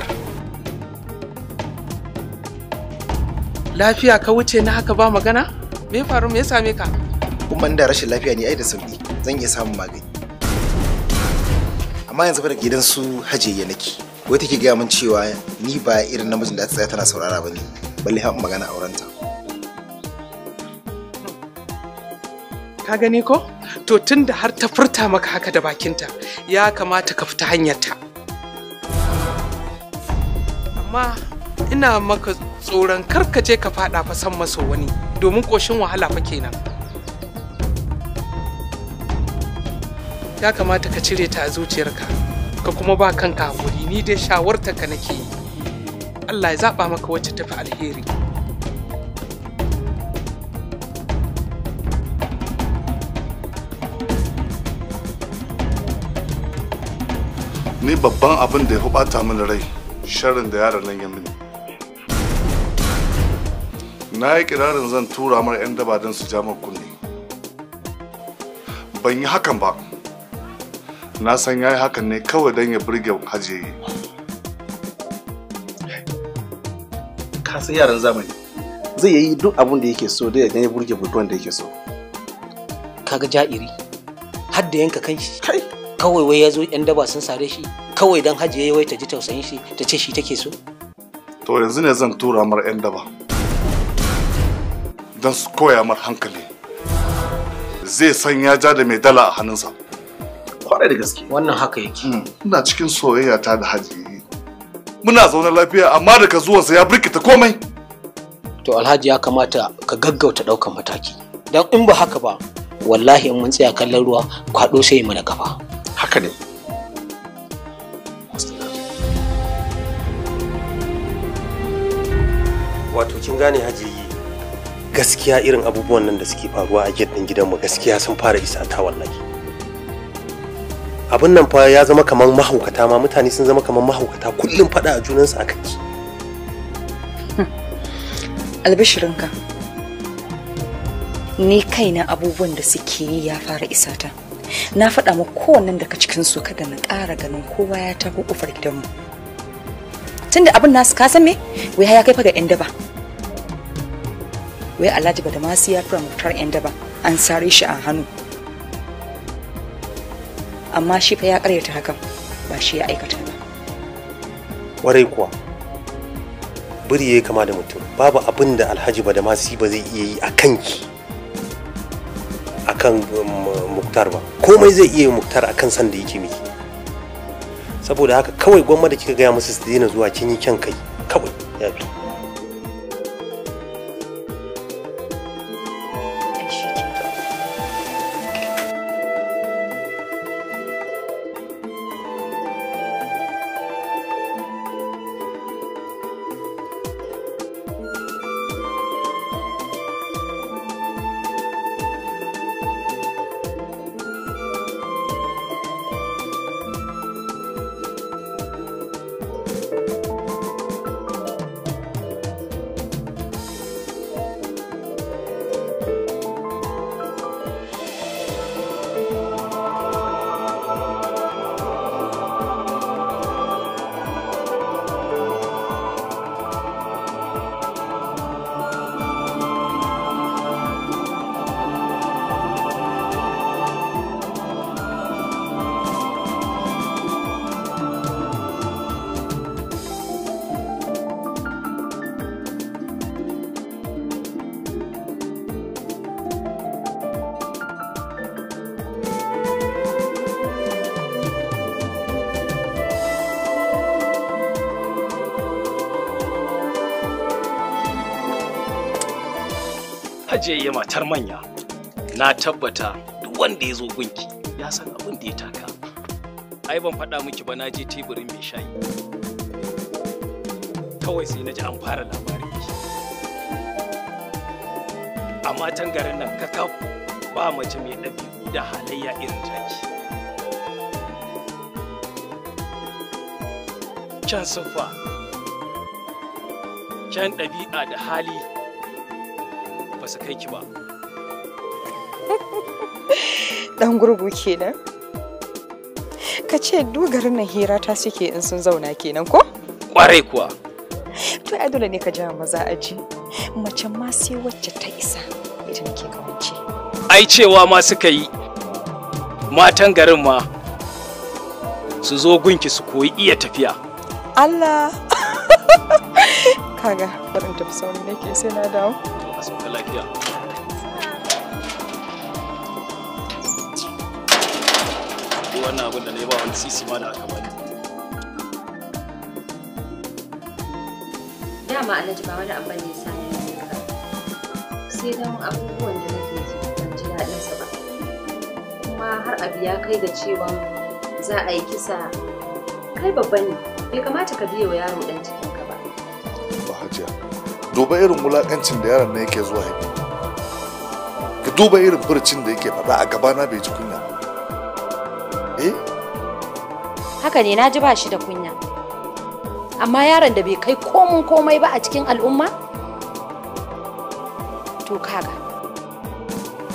cutar lafiya ka wuce na haka ba magana me faru me ya same ka kuma da rashin lafiya ne ai da sauki zan iya samun magani amma yanzu fa da gidan su ya nake wai take gaya mun cewa ni ba irin namijin da ta tsaya tana saurara ba ne balle har magana aurenta ka gani ko to tunda har ta furta maka haka da bakinta ya kamata ka fita hanyarta amma ina maka tsoron kar ka je fada fa san maso wani domin koshin wahala fa kenan ya kamata ka cire ta a zuciyarka ka kuma ba kanka hakuri ni dai shawarta ka nake yi Allah ya zaba maka wacce tafi alheri ni babban abin da ya fi bata min rai sharrin da yaran nan ya mini na yi kirarin zan tura mar 'yan daba don su jamar kunne ban yi hakan ba na san ya yi hakan ne kawai don ya Hajji. hajiyayi kasan yaran zamani zai yi duk abin da yake so da ya burge budurwan da yake so kaga ja'iri har da yanka kanshi? kawai wai ya zo 'yan daba sun sare shi kawai don hajiya wai ta ji tausayin shi ta ce shi take so to yanzu ne zan tura mar yan daba don su koya mar hankali zai san ya ja da mai dala a hannunsa kwarai da gaske wannan haka yake hmm, ina cikin soyayya ta da haji muna zaune lafiya amma daga zuwansa ya birkita komai to alhaji ya kamata ka gaggauta daukan mataki don in ba haka ba wallahi in mun tsaya kallon ruwa kwado sai mu da kafa haka ne wato kin gane hajiyi gaskiya irin abubuwan nan da suke faruwa a gidan gidanmu gaskiya sun fara isa ta wallahi abin nan fa ya zama kamar mahaukata ma mutane sun zama kamar mahaukata kullum faɗa a junansu a kaki hmm. albishirinka ni kaina abubuwan da suke yi ya fara isa ta na faɗa ma kowannen daga cikin su kada na ƙara ganin kowa ya taho ƙofar gidanmu tunda abin nasu ka san me wai ya kai fa ga yan daba wai Alhaji Badamasi ya fara mutar yan daba an sare shi a hannu amma shi fa ya karyata hakan ba shi ya aikata ba warai kuwa biri yayi kama da mutum babu abin da Alhaji Badamasi ba zai iya yi a kanki akan um, muktar ba komai zai iya muktar akan san da yake miki saboda haka kawai gwamnati kika gaya musu su daina zuwa kin yi kyan kai kawai ya je yi matar manya na tabbata duk wanda ya zo gunki ya san abin da ya taka ai ban faɗa miki ba na je teburin mai shayi kawai sai na ji an fara labarin ki a matan garin nan kakaf ba mace mai ɗabi'u da halayya irin taki can siffa can ɗabi'a da hali kai ba dan gurgu kenan ka ce dogarin nan hira ta suke in sun zauna kenan ko kwarai kuwa to ai dole ne ka ja maza aji mace ma sai wacce ta isa idan ke kawance ai cewa ma suka yi matan garin ma su zo gunki su koyi iya tafiya Allah kaga barin tafi sauri nake sai na dawo a sauka lafiya wannan abin da na yi ba wani sisi ma da aka bani dama alhaji ba wani abin da ya sani ne ka sai don abubuwan da nake ji ban ji daɗin sa ba kuma har abu ya kai da cewa za a yi kisa kai babba ne bai kamata ka biye wa yaro ɗan ciki duba irin wulakancin da yaron na yake zuwa yi ka duba irin furcin da yake faɗa a gabana bai ji kunya eh haka ne na ji ba shi da kunya amma yaron da bai kai komun komai ba a cikin al'umma to kaga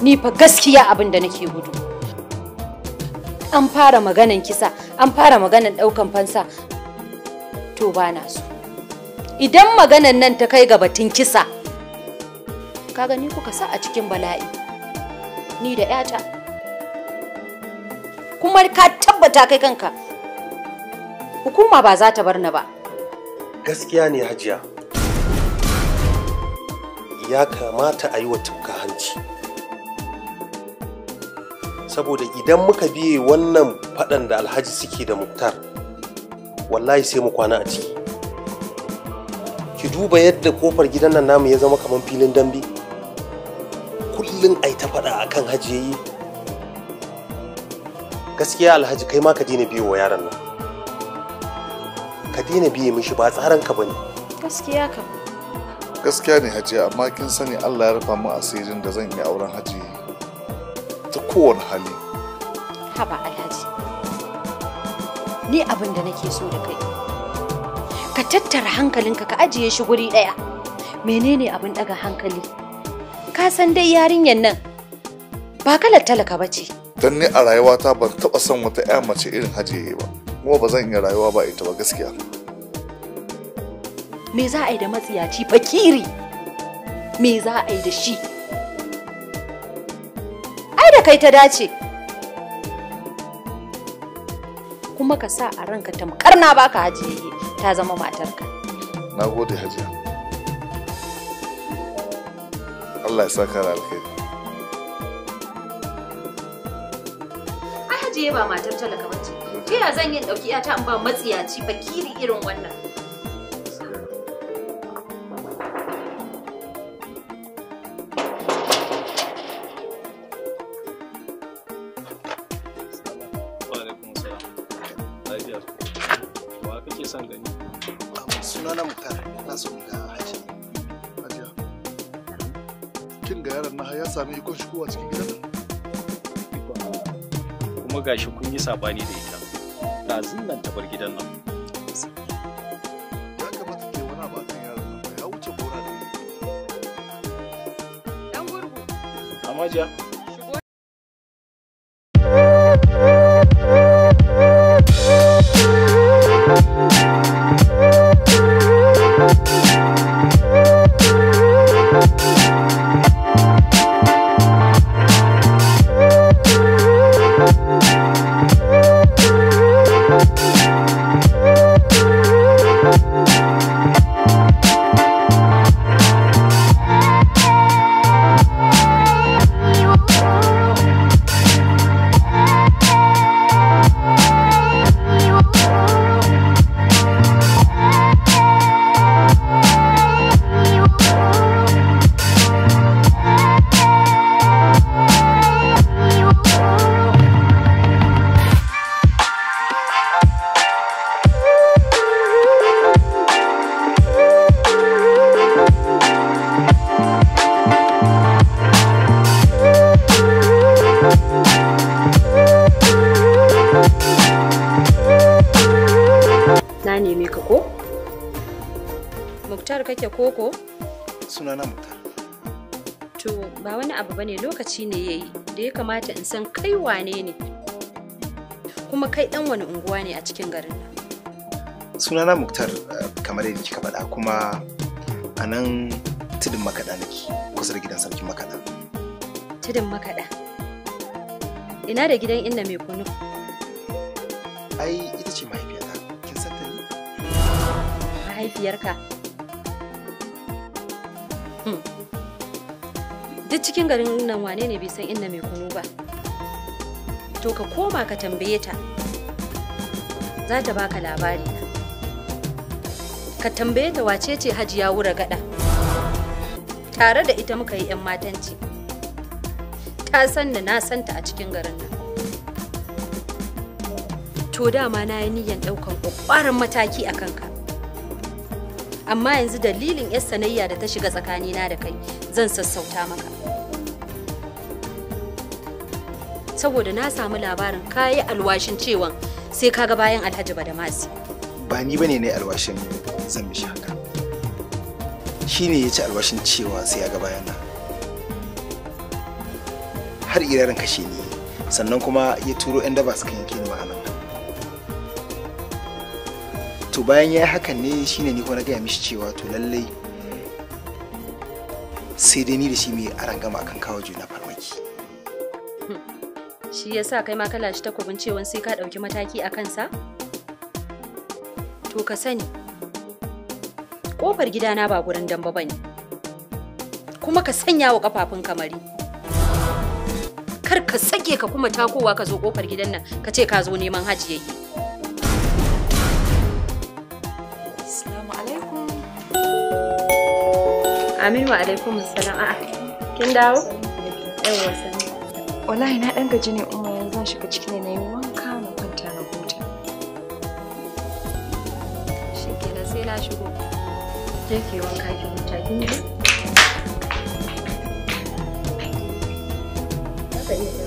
ni fa gaskiya abin da nake gudu an fara maganan kisa an fara maganan ɗaukan fansa to ba na so idan maganan nan ta kai ga batun kisa ka gani kuka sa a cikin bala'i ni da yata kuma ka tabbata kai kanka hukuma ba za ta bar ni ba gaskiya ne hajiya ya kamata a yi wa hanci saboda idan muka biye wannan faɗan da alhaji suke da muktar wallahi sai mu kwana a ciki ki duba yadda kofar gidan nan namu ya zama kamar filin dambe kullum ai ta faɗa akan hajiyayi gaskiya alhaji kai ma ka daina biyo wa yaron nan ka daina biye mishi ba tsaran ka bane gaskiya ka gaskiya ne Haji amma kin sani Allah ya rufa mu asirin da zan yi auren Haji ta kowane hali haba alhaji ni abin da nake so da kai ka tattara hankalinka ka ajiye shi guri ɗaya menene abin ɗaga hankali ka san dai yarinyar nan ba kalar talaka ba ce don ni a rayuwata ban taɓa son wata ƴa mace irin hajiye ba kuma ba zan iya rayuwa ba ita ba gaskiya me za a yi da matsiyaci fakiri me za a yi da shi ai da kai ta dace kuma ka sa a ranka tamkar na baka hajiye ta zama matarka na gode hajiya Allah ya saka da alkhairi ai hajiye ba matar talaka bace ta ya zan yin dauki ta in ba matsiyaci fakiri irin wannan sami shi kowa cikin gidan nan kuma gashi kun yi sabani da ita da zinnan ta bar gidan nan ya kamata ke wani ya wuce da ita koko? na Muktar. To ba wani abu bane lokaci ne ya yi da ya kamata in san kai wane ne kuma kai dan wani unguwa ne a cikin garin nan. na Muktar eh, kamar yadda kika faɗa kuma a nan tudun makaɗa nake kusa da gidan sarkin makaɗa. Tudun makaɗa? Ina da gidan inna mai kunu? Ai ita ce mahaifiyata, kin san ta ne? Mahaifiyarka? duk cikin garin nan wane ne bai san inda mai kunu ba to ka koma ka tambaye ta za ta baka labari ka tambaye ta wace ce hajiya wura gada tare da ita muka yi 'yan matanci ta san na santa a cikin garin nan to dama na yi niyyar ɗaukan ƙwaƙwaran mataki a kanka amma yanzu dalilin yar sanayya da ta shiga tsakanina da kai zan sassauta maka saboda na samu labarin kayi alwashin cewa sai kaga bayan alhaji badamasi ba ni bane ne alwashin zan mishi haka shine ya ci alwashin cewa sai ya ga bayan na har irarin kashe ni sannan kuma ya turo 'yan daba kan yake ni ma'anan to bayan ya hakan ne shine ni kuma na gaya mishi cewa to lallai sai dai ni da shi mai arangama akan kawo juna farmaki shi yasa kai ma ka shi takobin cewa sai ka ɗauki mataki a kansa to ka sani ƙofar gidana ba gurin damba bane ne kuma ka sanya wa kafafun kamari kar ka sake ka kuma takowa ka zo kofar gidan nan ka ce ka zo neman hajiyayye Aminu wa alaikum assalam. A'a. Ah, kin dawo? Yawwa sani. Wallahi na dan gaji ne umma yanzu zan shiga ciki ne nayi wanka na kwanta na huta. Shikenan sai na shigo. Ke ke wanka ki huta kin ji? Haka ne.